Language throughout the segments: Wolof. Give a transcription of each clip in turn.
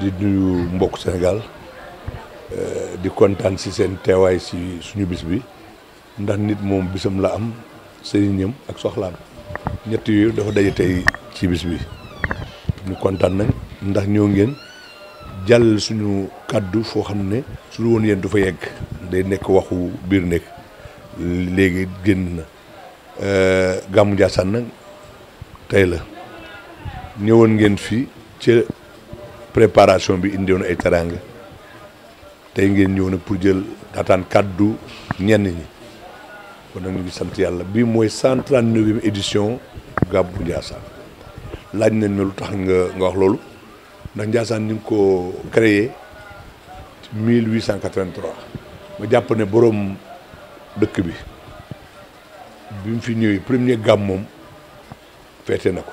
di nuyu senegal euh di contane ci sen teway ci suñu bis bi ndax nit mom bisam la am sëriñam ak soxlaam ñet yu dafa dajé tay ci bis bi ñu contane nañ ndax ñoo ngeen jall suñu kaddu fo xam ne su woon yéen du fa yegg day nekk waxu bir nekk légui génn na eh, gamu Njaasaan nak tay la ñewon ngeen fi ci préparation bi indi won ay teraanga tay ngeen ñew nak pour jël atane kàddu ñenn ñi kon nak ñu sant yalla bi moy 139e édition gabu ndiasa laaj nañ ma lu tax nga nga wax lolu ndax ndiasa ñu ko créer 1883 ma japp ne borom dëkk bi bi mu fi ñëwee premier gam moom feete na ko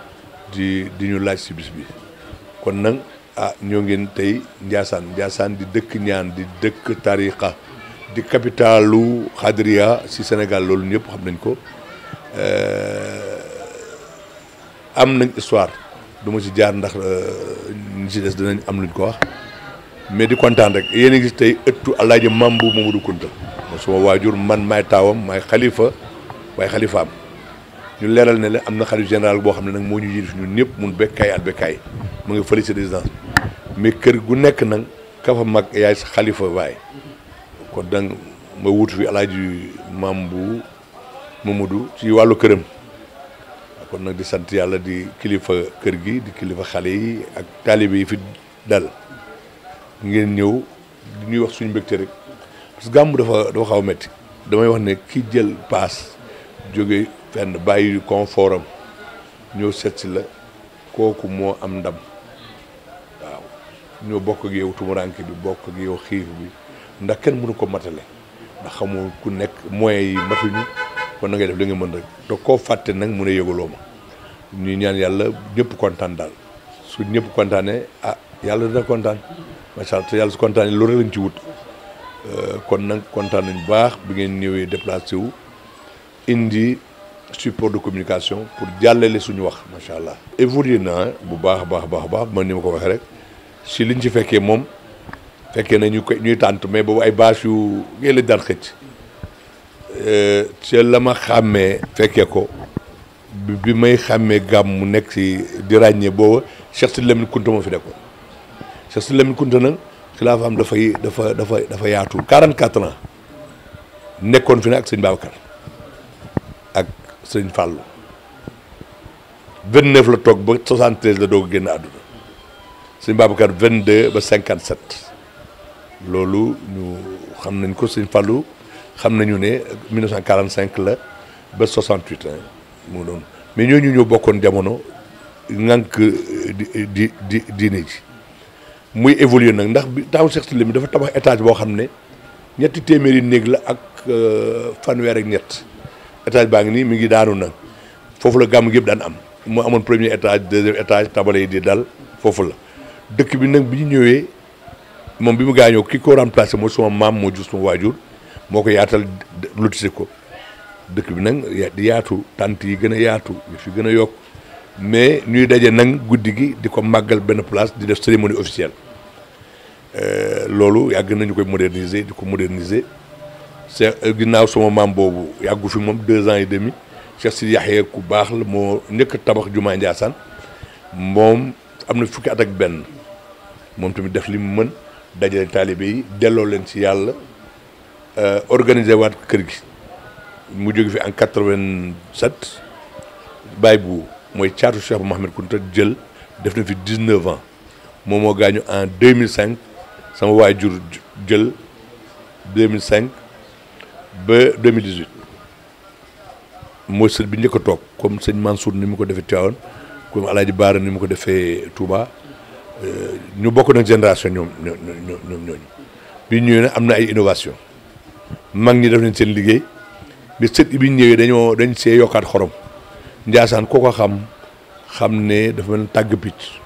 di di ñu laaj ci bis bi kon nak ah ñu ngeen tey ndiasan ndiasan di dekk ñaan di dekk tariqa di capitalu xadria si senegal lolou ñëpp xam nañ ko eh, am nañ histoire duma ci si jaar ndax eh, ñi ci dess dinañ am luñ ko wax mais di kontaan rek yéen ngi tey ëttu mambu mamadou kunta suma wajur man maay tawam maay khalifa maay xalifaam ñu leeral ne la am na xarit général boo xam ne nag moo ñu yilif ñun ñëpp mun bekkaay at bekkaay mu ngi fële sa mais kër gu nekk nag ka fa xalifa baay kon dang ma wut fi alaaji ci wàllu këram kon nag di sant yàlla di kilifa kër gi di kilifa xale yi ak taalibe yi fi dal ngeen ñëw di ñuy wax suñu mbégte rek parce que dafa dafa xaw metti damay wax ne ki jël paas jóge fenn bàyyi confort am ñëw seet si la kooku moo am ndam waaw ñoo bokk ak yow tumuranke bi bokk ak yow xiif bi ndax kenn mënu ko matale ndax xamoo ku nekk moyens yi matuñu kon na ngay def li nga mën rek te koo fàtte nag mu ne ma ñu ñaan yàlla ñëpp kontaan daal su ñëpp kontaanee ah yàlla dina kontaan macha allah te yàlla su kontaanee loolu lañ ci wut euh, kon nag kontaan nañ baax bi ngeen ñëwee déplacé wu indi support de communication pour jàllale suñu wax si sëñ Fallou 29 la tok ba 73 la doog génn àdduna sëñ Babacar 22 ba 57 loolu ñu xam nañ ko sëñ Fallou xam nañu ne 1945 la ba 68 hein mu noonu mais ñooñu ñu bokkon jamono ngank euh, di euh, di di diine ji muy évoluer nak ndax taw taawu Cheikh Souleymane dafa tabax étage bo xamné ne ñetti téeméeri néeg la ak euh, fanwer ak ñett. étage baa ngi nii mi ngi daanu na foofu la gàmm yëpp daan am moo amoon premier étage deuxième étage tabale yi di dal foofu la dëkk bi nag bi ñu ñëwee moom bi mu gaañoo ki ko remplacé moo suma maam moo jur suma waajur moo ko yaatal lotissé ko dëkk bi nag di yaatu tànt yi gën a yaatu yu fi gën a yokk mais ñuy daje nag guddi gi di ko màggal benn place di def cérémonie officielle euh, loolu yàgg nañu koy moderniser di ko moderniser Cheikh eh, ginnaaw suma maam boobu yàggu fi moom deux ans et demi Cheikh Sidi Yaxya ku baax la moo njëkk tabax jumaa Ndiassane moom am na fukki at ak benn moom tamit def li mu mën dajale taalibe yi delloo leen ci yàlla eh, organiser waat kër gi mu jóge fi en quatre-vingt-sept baay bu mooy caatu Cheikh Mouhamed Kounta jël def na fi dix-neuf ans moom moo gaañu en deux mille cinq sama waajur jël deux mille cinq ba 2018 mooy sëñ bi njëkk a toog comme sëñ Mansour ni mu ko defee Tivaouane comme El Hadj Baara ni mu ko defee Touba euh, ñu bokk nag génération ñoom ñoom ñoom ñooñu bi ñëwee nag am na ay innovation mag ñi def nañ seen liggéey bi sët bi dañoo dañ see yokkaat xorom Ndiassane koo ko xam xam ne dafa mel tàgg picc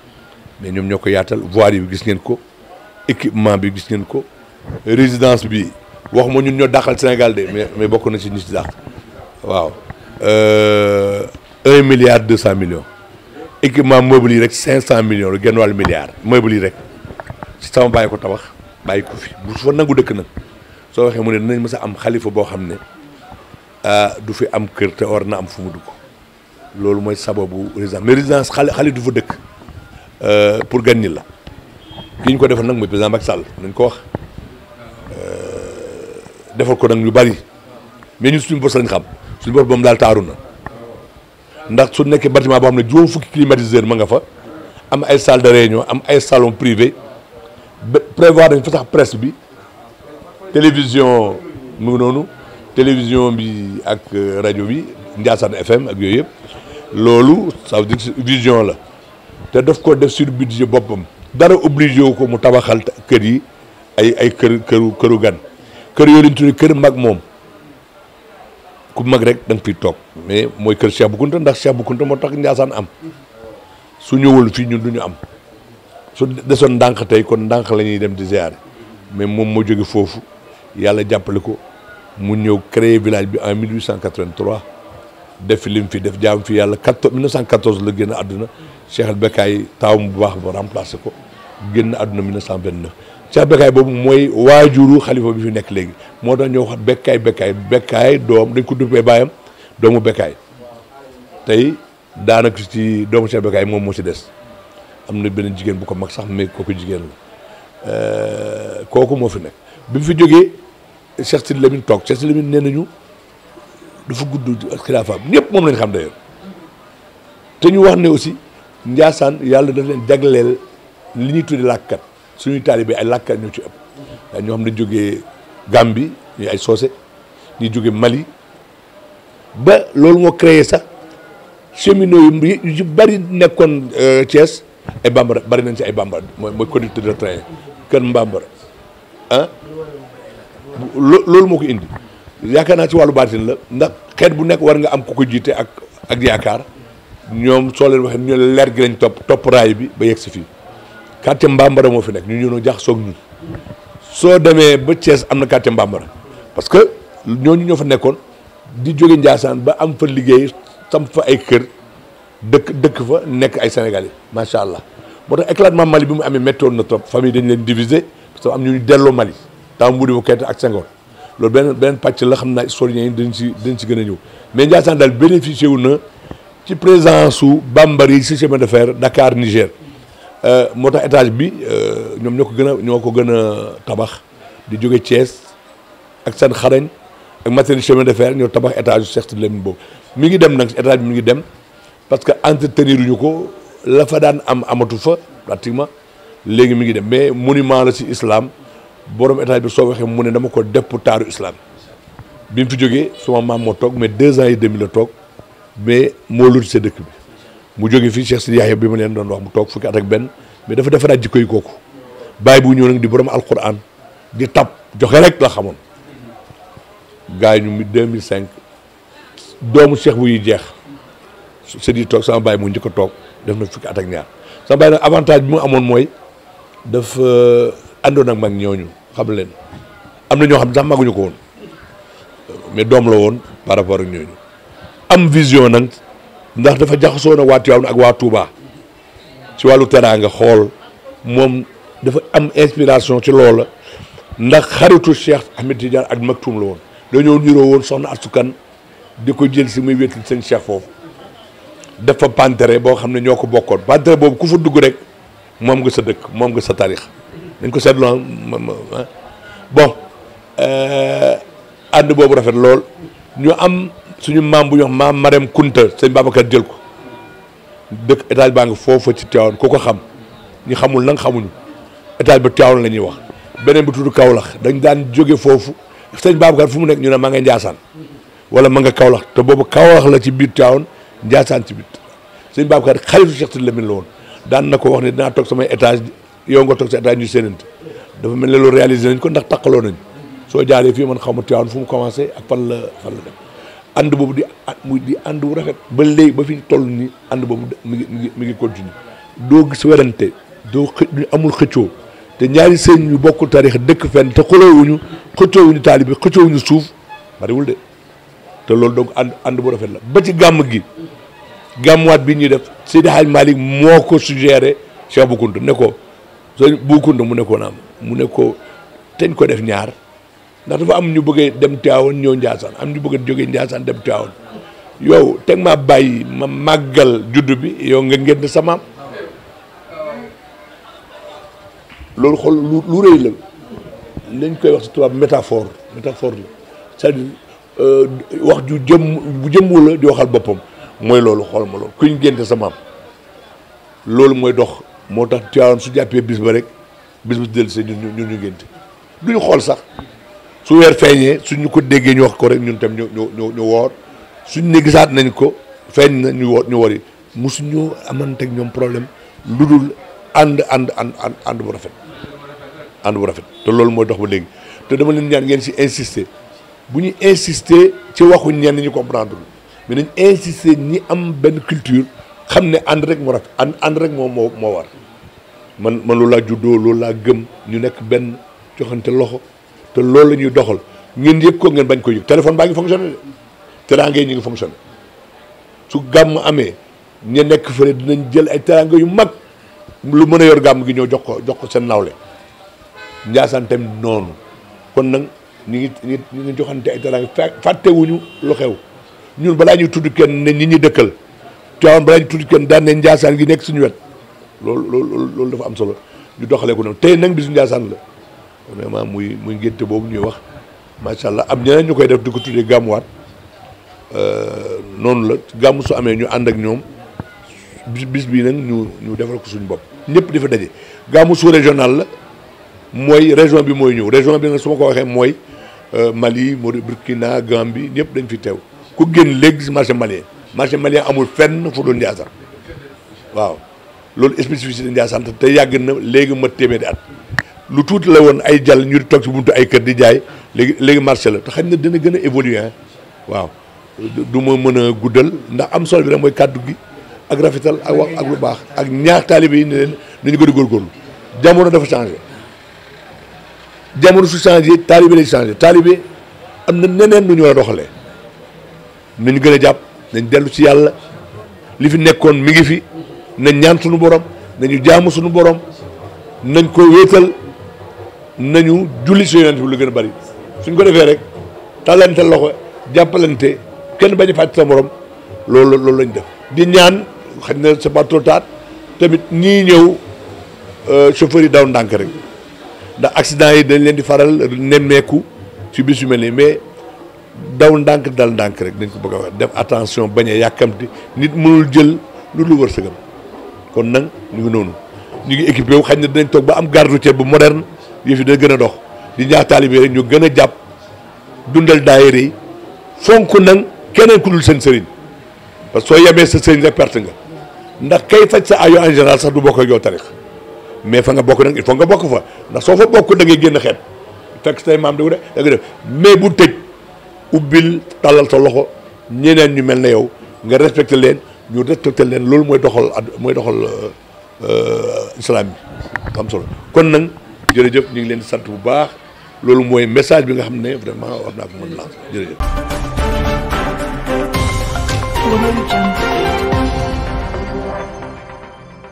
mais ñoom ñoo ko yaatal voirie bi gis ngeen ko équipement bi gis ngeen ko résidence bi. waxuma ñun ñoo daxal Sénégal de mais mais bokk na ci nit dax waaw euh 1 milliard 200 millions équipement meuble rek 500 millions la genn wàllu milliard meuble rek ci sama bay ko tabax bay ko fi bu fa nangu dëkk nag so waxe mu ne dinañ mësa am khalifa bo xamne euh du fi am kër te or na am fu mu dugg loolu moy sababu résidence mais résidence xale du fa dëkk euh pour gan la biñ ko defoon nak moy président Macky Sall nañ ko wax. defal ko nak lu bari mais ñu suñu bos lañ xam suñu bos moom dal taaru na ndax su nekk bâtiment bo xam ne juróom fukki climatiseur ma nga fa am ay salle de réunion am ay salon privé prévoir nañ fa sax presse bi télévision mu ngi télévision bi ak euh, radio bi Ndiassane FM ak yoyep lolu loolu ça veut dire vision la te daf ko def sur budget bopam dara obligé wu ko mu tabaxal kër yi ay ay kër këru këru gan kër yooyu lañ kër mag moom ku mag rek da fiy toog mais mooy kër Cheikh Bou ndax Cheikh Bou moo tax Ndiassane am su ñëwul fii ñun du ñu am su desoon ndànk tey kon ndànk la ñuy dem di ziare mais moom moo jóge foofu yàlla jàppale ko mu ñëw créer village bi en 1883 def li mu fi def jaam fi yàlla 14 1914 la génn àdduna Cheikh Al Bekkay taawam bu baax ba remplacé ko génn àdduna 1929. ca bekkaay boobu mooy waajuru xalifa bi fi nekk léegi moo tax ñoo wax bekkaay bekkaay bekkaay doom dañ ko duppee baayam doomu bekkaay tey daanaka ci doomu ca bekkaay moom moo ci des am na beneen jigéen bu ko mag sax mais kooku jigéen la euh, kooku moo fi nekk bi mu fi jógee Cheikh Sidi Lamine toog Cheikh Sidi Lamine nee nañu dafa gudd ak xilaafaam ñëpp moom lañ xam d'ailleurs te ñu wax ne aussi Ndiassane yàlla daf leen jagleel li ñuy tudde làkkat suñu talibé ay lakka ñu ci ëpp ñu xam ne gambi Gambie ñu ay sosé di joggé Mali ba loolu mo créé sax chemino yu yu bari nekkon euh, Thiès ay bambara bari nañ ci ay bambara moy mooy conducteur de train kër mbambara hein ah? loolu moko indi yakana ci walu batin la ndax xet bu nek war nga am kuko jité ak ak yakar ñom so leen waxe ñu leer gi lañ top top raay bi ba yegg fi quartier Mbambara moo fi nekk ñu ñëw jax soog ñun soo demee ba Thiès am na quartier Mbambara parce que ñoo ñu ñoo fa nekkoon di jóge Ndiassane ba am fa liggéey sam fa ay kër dëkk dëkk fa nekk ay Sénégalais macha allah moo tax éclatement Mali bi mu amee méttoon na trop famille dañ leen diviser parce que am ñu ñu delloo Mali temps Modibo Keïta ak Senghor loolu benn benn pàcc la xam naa historiens yi dañ si dañ si gën a ñëw mais Ndiassane daal bénéficié wu na ci présence su Bambara yi si chemin de fer Dakar Niger. Euh, moo tax étage bi euh, ñoom ñoo ko gën a ñoo ko gën a tabax di jóge cees ak seen xarañ ak matériel chemin de fer ñoo tabax étage yu Cheikh Sidy mu boobu mi ngi dem nag étage bi mi ngi dem parce que entretenir ñu ko la fa daan am amatu fa pratiquement léegi mi ngi dem mais monument la si islaam borom étage bi soo waxee mu ne dama ko depp taaru islam bi mu fi jógee suma maam moo toog mais deux ans et demi la toog mais moo lotissé dëkk bi. mu joge fi Cheikh Sidi Yahya bima len don wax mu tok fukki at ak ben mais dafa defaraat jikko yi kooku bay bu ñew nak di borom alquran di tap joxe rek la xamone gaay yi ñu 2005 doomu Cheikh bu yi jeex Sidi tok sama bay mu njëkk tok def na fukki at ak ñaar sama bay nag avantage mu amone moy def euh, àndoon ak mag ñooñu xam leen am na xam sax maguñu ko mais dom la won par rapport ak ñooñu am vision nak ndax dafa jaxasoo na waa Tivaouane ak waa Touba ci wàllu teraa nga xool moom dafa am inspiration ci loola ndax xaritu Cheikh Ahmed Tidiane ak Maktoum la woon dañoo niroo woon soxna Asukan di ko jël si muy wéetal seen Cheikh foofu dafa pantere boo xam ne ñoo ko bokkoon pantere boobu ku fa dugg rek moom nga sa dëkk moom nga sa taarix dañ ko seetlu ah, ah. bon euh, ànd boobu rafet lool ñu am. suñu maam bu ñu wax maam Marème Kunta sëñ Babacar jël ko dëkk étage baa ngi foofa ci Tivaouane ku ko xam ñu xamul nag xamuñu étage ba Tivaouane la ñuy wax beneen bi tudd Kaolack dañ daan jóge foofu sëñ Babacar fu mu nekk ñu ne ma nga Ndiassane wala ma nga kawlax te boobu Kaolack la ci biir Tivaouane Ndiassane ci biir sëñ Babacar xalifu Cheikh Sidi Lamine la woon daan na ko wax ne dinaa toog samay étage yow nga toog sa étage ñu séenante dafa mel ne loolu réalisé nañ ko ndax takkaloo nañ soo jaalee fii man xaw ma Tivaouane fu mu commencé ak fan la fan ànd boobu di mu di ànd wu rafet ba léegi ba fi ñu toll nii ànd boobu mi ngi mi ngi mi ngi doo gis werante doo xë amul xëccoo te ñaari seen ñu bokkul taarix dëkk fen te xoloowuñu xëccoowuñu taalibe xëccoowuñu suuf bariwul de te loolu donc ànd ànd bu rafet la ba ci gàmm gi gàmmuwaat bi ñuy def Seydi Hadj Malick moo ko suggéré Cheikh Bou Kounta ne ko sëñ Bou mu ne ko naam mu ne ko teñ ko def ñaar ndax dafa am ñu bëggee dem Tivaouane ñëw Ndiassane am ñu bëgg a jógee Ndiassane dem Tivaouane yow teg maa bàyyi ma màggal juddu bi yow nga ngénn sa maam loolu xool lu lu koy wax si tubaab métaphore métaphore la cest euh, ju jëm bu jëmmu di waxal boppam mooy loolu xool ma loolu kuñ ngénte sa maam loolu mooy dox moo tax Tivaouane su jàppee bis ba rek bis ba dellu see ñu ñu ñu ngénte duñu xool sax su wer feñe suñ ko déggé ñu wax ko rek ñun tam ñu ñu ñu wor suñ ne gisat nañ ko feñ na ñu wor ñu wori musu ñu ak ñom problème lu and and and and bu rafet and bu rafet te lool moy dox ba légui te dama leen ñaan ngeen si insister bu ñu insister ci waxu ñen ñu comprendre mais ñu insister ñi am ben culture xam and rek mo rafet and and rek mo mo war man man lu la juddo lu la gëm ñu nek ben joxante loxo te loolu la ñuy doxal ngeen yëg ko ngeen bañ ko yëg téléphone baa ngi fonctionné de teraanga yi ñu ngi fonctionné su gàmm amee ña nekk fële dinañ jël ay teraanga yu mag lu mën a yor gàmm gi ñoo jox ko jox ko seen nawle njaasaan tamit noonu kon nag ñu ngi ñu ngi joxante ay teraanga fàttewuñu lu xew ñun balaa ñuy tudd kenn ne ñi ñi dëkkal Tiwaawan balaa ñuy tudd kenn daan ne njaasaan gi nekk suñu wet loolu loolu loolu dafa am solo ñu doxalee ko noonu tey nag bisu njaasaan la vraiment muy muy ngénte boobu ñuy wax macha allah am ñeneen ñu koy def di ko tuddee gàmmuwaat euh, noonu la gàmm su amee ñu ànd ak ñoom bis bis bii nag ñu ñu defal ko suñu bopp ñëpp di fa daje gàmmu sous régional la mooy région bi mooy ñëw région bi nag su ma ko waxee mooy euh, Mali Mauritanie Burkina Gambie ñëpp dañ fi teew ku génn léegi gis marché malien marché malien amul fenn fu dul Ndiassane waaw loolu spécificité Ndiassane te yàgg na léegi ma téeméeri at. lu tuuti la woon ay jàll ñu toog ci buntu ay kër di jaay léegi léegi marché la te xam ne dina gën a évoluer waaw du ma mën a guddal ndax am solo bi rek mooy kàddu gi ak rafetal ak wax ak lu baax ak ñaax taalibe yi ne leen nañu gën a góorgóorlu jamono dafa changé jamono su changé taalibe lay changé taalibe am na neneen lu ñu war doxalee nañ gën a jàpp nañ dellu ci yàlla li fi nekkoon mi ngi fi nañ ñaan suñu borom nañu jaamu suñu borom nañ nañu julli si yonent bi lu gëna bari suñ ko défé rek talenté loxo jappalanté kenn bañu fat sa morom loolu loolu lañ def di ñaan xañ sa bato pas trop tard tamit ñii ñëw euh, chauffeur yi daw ndank rek da accident yi dañ leen di faral nemmeeku ci bisu melni mais daw ndank dal ndank rek dañ ko bëgg wax def attention baña yakamti nit mënul jël lu lu wërsëgam kon nag ñu ngi nonu ñu ngi équipé wu xañ na dinañ toog ba am garde routière bu moderne yëf yi da gën a dox di ñaax taalibe rek ñu gën a jàpp dundal daayira yi fonk nag keneen ku dul seen sëriñ parce que soo yemee sa sëriñ rek perte nga ndax kay faj sa ayo en général sax du bokk joo yow tarix mais fa nga bokk nag il faut nga bokk fa ndax soo fa bokk da ngay génn xeet fekk say maam dugg de da def mais bu tëj ubbil tàllal sa loxo ñeneen ñu mel na yow nga respecté leen ñu respecté leen loolu mooy doxal ad mooy doxal euh, euh, islam bi kon nag jërëjëf ñu ngi leen di sant bu baax loolu mooy message bi nga xam ne vraiment war naa ko mën lancer jërëjëf.